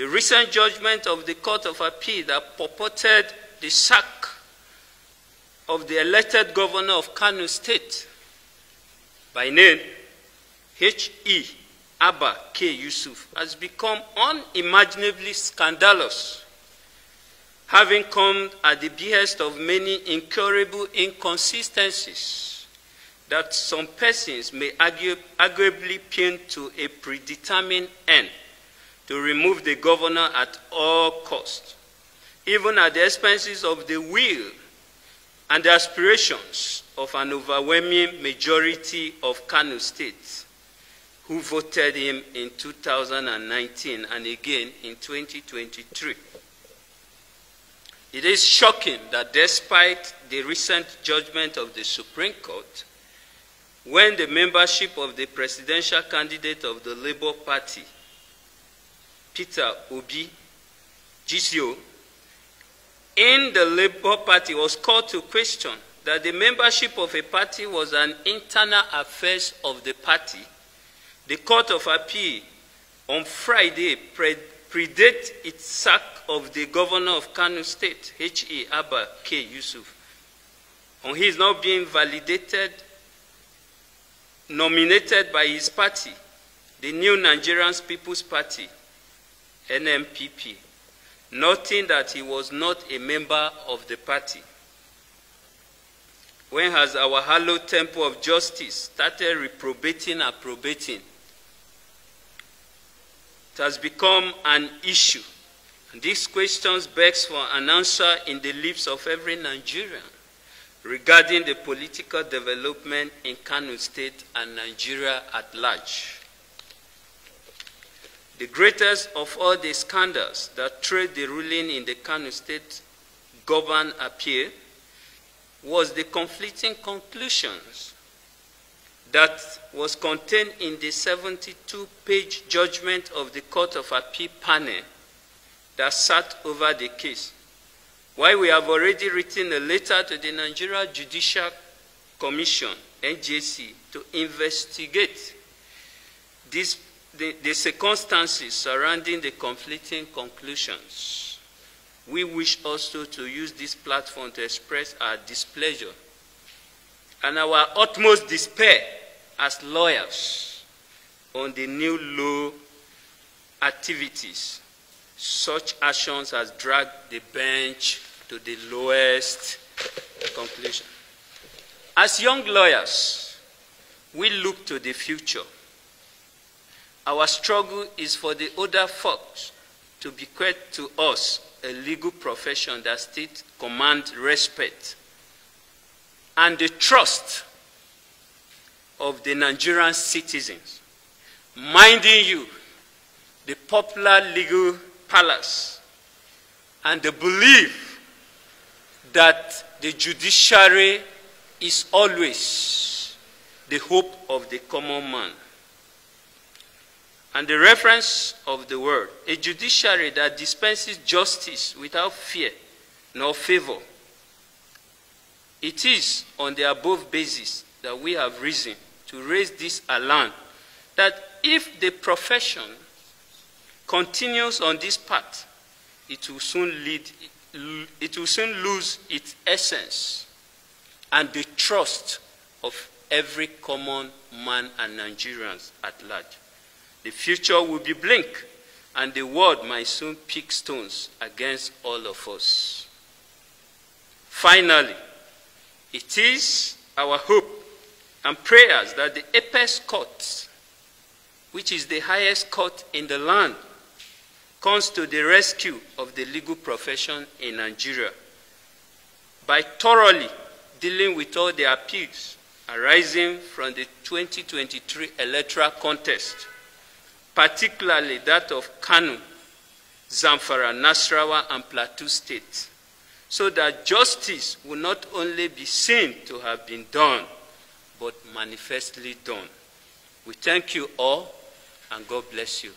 The recent judgment of the Court of Appeal that purported the sack of the elected governor of Kano State by name H.E. Abba K. Yusuf has become unimaginably scandalous, having come at the behest of many incurable inconsistencies that some persons may arguably pin to a predetermined end to remove the governor at all costs, even at the expenses of the will and the aspirations of an overwhelming majority of Kano State who voted him in 2019 and again in 2023. It is shocking that despite the recent judgment of the Supreme Court, when the membership of the presidential candidate of the Labour Party Peter Obi GCO, in the Labour Party was called to question that the membership of a party was an internal affairs of the party. The Court of Appeal on Friday pre predate its sack of the governor of Kano State, H.E. Abba K. Yusuf. And he is not being validated, nominated by his party, the New Nigerians People's Party, NMPP, noting that he was not a member of the party. When has our hallowed temple of justice started reprobating and probating? It has become an issue. And these questions begs for an answer in the lips of every Nigerian regarding the political development in Kano State and Nigeria at large. The greatest of all the scandals that trade the ruling in the Kano state govern appeal was the conflicting conclusions that was contained in the 72-page judgment of the Court of Appeal panel that sat over the case. While we have already written a letter to the Nigeria Judicial Commission, NJC, to investigate this the, the circumstances surrounding the conflicting conclusions, we wish also to use this platform to express our displeasure and our utmost despair as lawyers on the new law activities. Such actions as dragged the bench to the lowest conclusion. As young lawyers, we look to the future our struggle is for the older folks to bequeath to us a legal profession that still commands respect and the trust of the Nigerian citizens. Minding you, the popular legal palace and the belief that the judiciary is always the hope of the common man. And the reference of the word, a judiciary that dispenses justice without fear nor favor. It is on the above basis that we have reason to raise this alarm that if the profession continues on this path, it will soon lead, it will soon lose its essence and the trust of every common man and Nigerians at large. The future will be bleak, and the world might soon pick stones against all of us. Finally, it is our hope and prayers that the apex court, which is the highest court in the land, comes to the rescue of the legal profession in Nigeria by thoroughly dealing with all the appeals arising from the 2023 electoral contest. particularly that of Kanu, Zamfara, Nasrawa, and Plateau states, so that justice will not only be seen to have been done, but manifestly done. We thank you all, and God bless you.